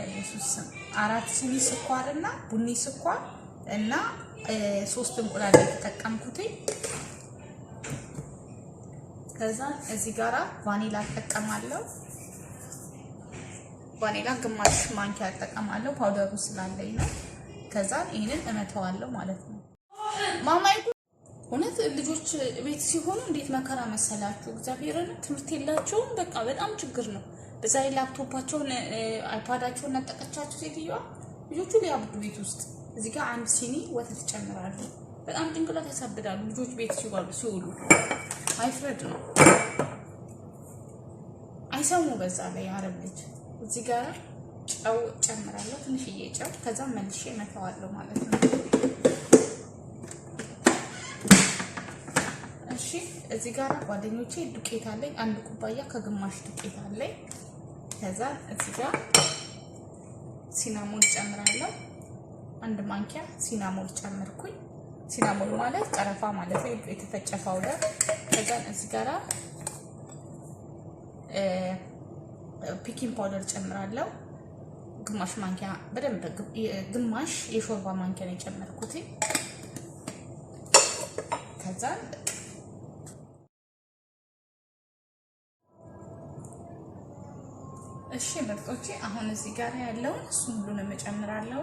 በኢየሱስ ስም አራት ሲኒ ስኳር እና ቡኒ ስኳር እና ሶስት እንቁላል የተጠቀምኩት ከዛ እዚህ ጋራ ቫኒላ እጠቀማለሁ። ቫኒላ ግማሽ ማንኪያ እጠቀማለሁ፣ ፓውደሩ ስላለኝ ነው። ከዛ ይህንን እመተዋለሁ ማለት ነው ማማይኩ እውነት ልጆች ቤት ሲሆኑ እንዴት መከራ መሰላችሁ። እግዚአብሔር ትምህርት የላቸውም። በቃ በጣም ችግር ነው። በዛ ላይ ላፕቶፓቸውን አይፓዳቸውን ነጠቀቻቸው ሴትዮዋ። ልጆቹ ሊያብዱ ቤት ውስጥ እዚህ ጋር አንድ ሲኒ ወተት ይጨምራሉ። በጣም ጭንቅላት ያሳብዳሉ ልጆች ቤት ሲዋሉ ሲውሉ። አይፍረድ ነው አይሰሙ። በዛ ላይ አረብ ልጅ እዚህ ጋር ጨው ጨምራለሁ፣ ትንሽዬ ጨው። ከዛም መልሼ መተዋለሁ ማለት ነው። እሺ እዚህ ጋር ጓደኞቼ ዱቄት አለኝ። አንድ ኩባያ ከግማሽ ዱቄት አለኝ። ከዛ እዚህ ጋር ሲናሞል ጨምራለሁ። አንድ ማንኪያ ሲናሞል ጨምርኩኝ። ሲናሞል ማለት ቀረፋ ማለት ነው፣ የተፈጨ ፓውደር። ከዛ እዚህ ጋራ ፒኪንግ ፓውደር ጨምራለሁ። ግማሽ ማንኪያ በደንብ ግማሽ የሾርባ ማንኪያ ነው የጨመርኩት። ከዛ እሺ ምርጦቼ፣ አሁን እዚህ ጋር ያለውን እሱን ሁሉንም እጨምራለሁ።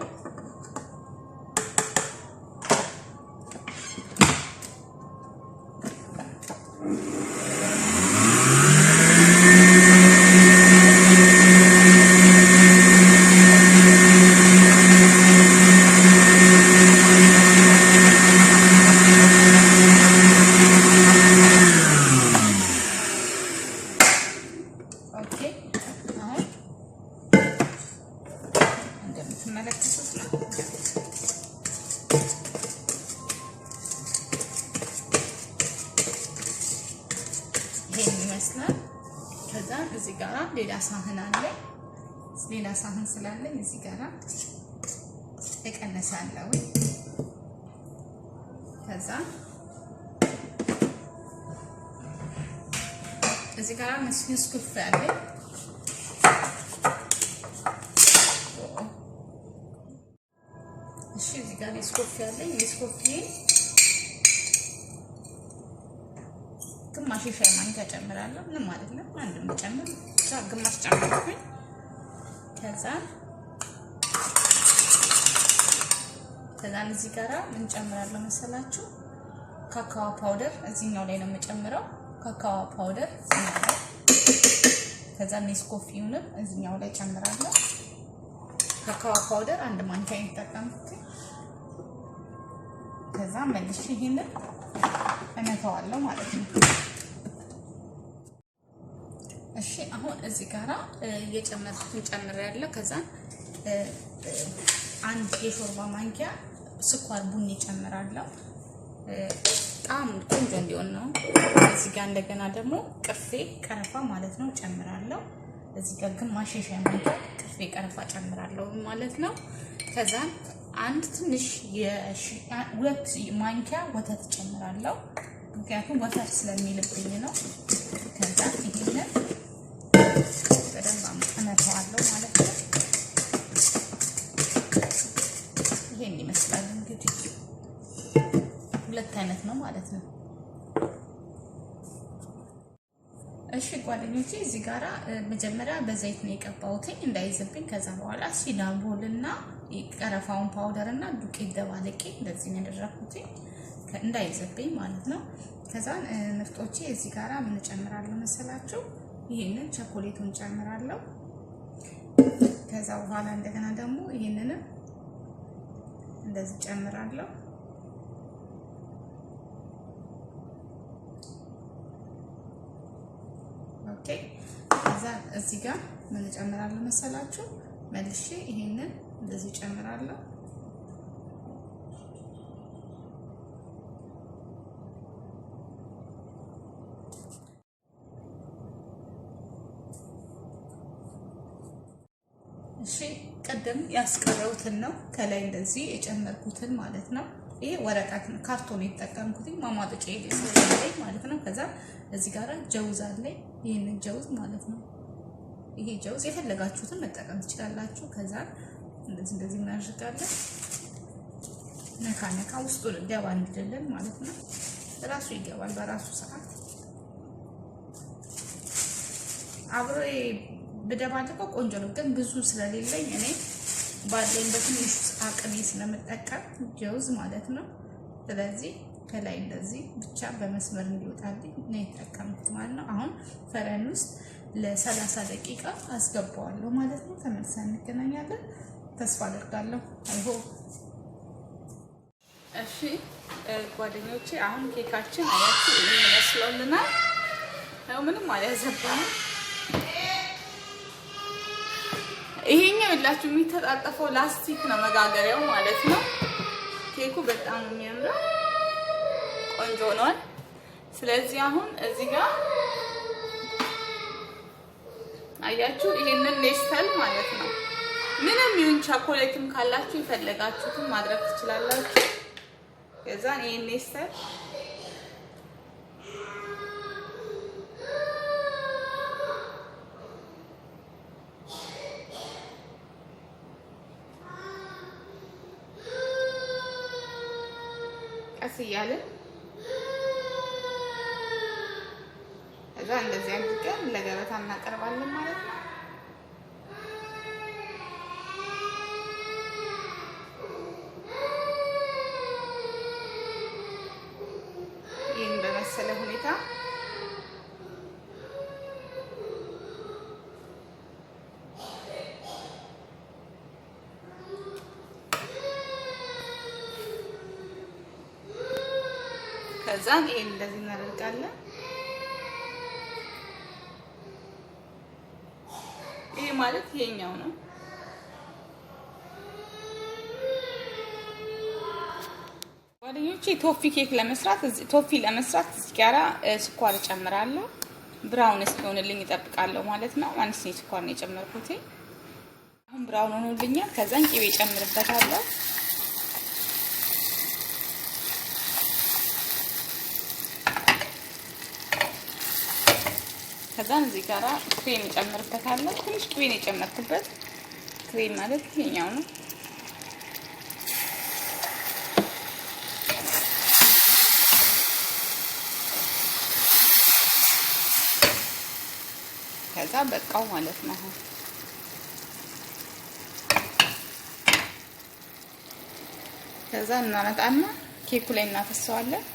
ጋራ ሌላ ሳህን አለ። ሌላ ሳህን ስላለኝ እዚህ ጋራ እቀነሳለሁ። ከዛ እዚህ ጋራ ኩፍ አለኝ። እሺ እዚህ ጋር ስኮፍ ያለኝ ስኮፍ ኬሻ ማንኪያ ጨምራለሁ። ምንም ነው። አንድ ጨምር ዛ ግማሽ ጨምርኩኝ። ከዛ ከዛን እዚህ ጋራ ምን ጨምራለሁ መሰላችሁ? ካካዋ ፓውደር እዚህኛው ላይ ነው የምጨምረው። ካካዋ ፓውደር ከዛ ኔስኮፊውንም እዚህኛው ላይ ጨምራለሁ። ካካዋ ፓውደር አንድ ማንኪያ የተጠቀምኩት። ከዛ መልሼ ይሄንን እነተዋለሁ ማለት ነው። እሺ አሁን እዚህ ጋራ እየጨመርኩትን ጨምር ያለው ከዛ አንድ የሾርባ ማንኪያ ስኳር ቡኒ ጨምራለሁ። በጣም ቆንጆ እንዲሆን ነው። እዚህ ጋር እንደገና ደግሞ ቅርፌ ቀረፋ ማለት ነው ጨምራለሁ። እዚህ ጋር ግማሽ የሻይ ማንኪያ ቅርፌ ቀረፋ ጨምራለሁ ማለት ነው። ከዛ አንድ ትንሽ ሁለት ማንኪያ ወተት ጨምራለሁ፣ ምክንያቱም ወተት ስለሚልብኝ ነው። ከዛ ይሄንን አይነት ነው ማለት ነው። እሺ ጓደኞቼ እዚህ ጋራ መጀመሪያ በዘይት ነው የቀባሁትኝ እንዳይዝብኝ። ከዛ በኋላ ሲናቦልና ቀረፋውን ፓውደር እና ዱቄት ደባልቄ እንደዚህ ነው ያደረኩትኝ እንዳይዘብኝ ማለት ነው። ከዛን ምርጦቼ እዚህ ጋራ ምን ጨምራለሁ መሰላችሁ? ይሄንን ቸኮሌቱን ጨምራለሁ። ከዛ በኋላ እንደገና ደግሞ ይህንንም እንደዚህ ጨምራለሁ። ከዛን እዚህ ጋር ምን እጨምራለሁ መሰላችሁ? መልሼ ይሄንን እንደዚህ እጨምራለሁ። እሺ ቅድም ያስቀረውትን ነው ከላይ እንደዚህ የጨመርኩትን ማለት ነው። ይሄ ወረቀት ነው ካርቶን የተጠቀምኩት ማማጠጫ ማለት ነው። ከዛ እዚህ ጋር ጀውዝ አለኝ ይህንን ጀውዝ ማለት ነው ይሄ ጀውስ የፈለጋችሁትን መጠቀም ትችላላችሁ። ከዛ እንደዚህ እንደዚህ እናደርጋለን። ነካ ነካ ውስጡ ደባ እንድለን ማለት ነው። ራሱ ይገባል በራሱ ሰዓት። አብሬ ብደባልቀው ቆንጆ ነው፣ ግን ብዙ ስለሌለኝ እኔ ባለኝ በትንሽ አቅሜ ስለመጠቀም ጀውዝ ማለት ነው። ስለዚህ ከላይ እንደዚህ ብቻ በመስመር እንዲወጣልኝ ነው የተጠቀምኩት ማለት ነው። አሁን ፈረን ውስጥ ለሰላሳ ደቂቃ አስገባዋለሁ ማለት ነው። ተመልሰን እንገናኛለን ተስፋ አደርጋለሁ። አይሆ እሺ ጓደኞቼ፣ አሁን ኬካችን አያችሁ ይመስለውልናል። ያው ምንም አልያዘባንም። ይሄኛው የላችሁ የሚተጣጠፈው ላስቲክ ነው መጋገሪያው ማለት ነው። ኬኩ በጣም የሚያምረው ቆንጆ ሆኗል። ስለዚህ አሁን እዚህ ጋር አያችሁ፣ ይሄንን ኔስተል ማለት ነው። ምንም ይሁን ቻኮሌትም ካላችሁ የፈለጋችሁትን ማድረግ ትችላላችሁ። ከዛን ይሄን ኔስተል ቀስ እያለን ከዛ እንደዚህ አድርገን ለገበታ እናቀርባለን ማለት ነው። ይህን በመሰለ ሁኔታ ከዛም ይህን እንደዚህ እናደርጋለን። ማለት ይሄኛው ነው። ጓደኞቼ ቶፊ ኬክ ለመስራት ቶፊ ለመስራት እዚህ ጋራ ስኳር እጨምራለሁ። ብራውን እስኪሆንልኝ እጠብቃለሁ ማለት ነው። አንስ ስኳር ነው የጨመርኩት። አሁን ብራውን ሆኖልኛል። ከዛን ቂቤ እጨምርበታለሁ። ከዛን እዚህ ጋራ ክሬም እጨምርበታለሁ። ትንሽ ቅቤን የጨመርኩበት ክሬም ማለት ይሄኛው ነው። ከዛ በቃው ማለት ነው። ከዛ እናመጣና ኬኩ ላይ እናፈሰዋለን።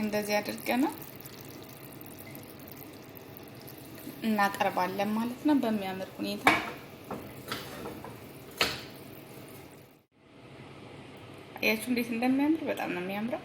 እንደዚህ አድርገናል እናቀርባለን ማለት ነው በሚያምር ሁኔታ አያችሁ እንዴት እንደሚያምር በጣም ነው የሚያምረው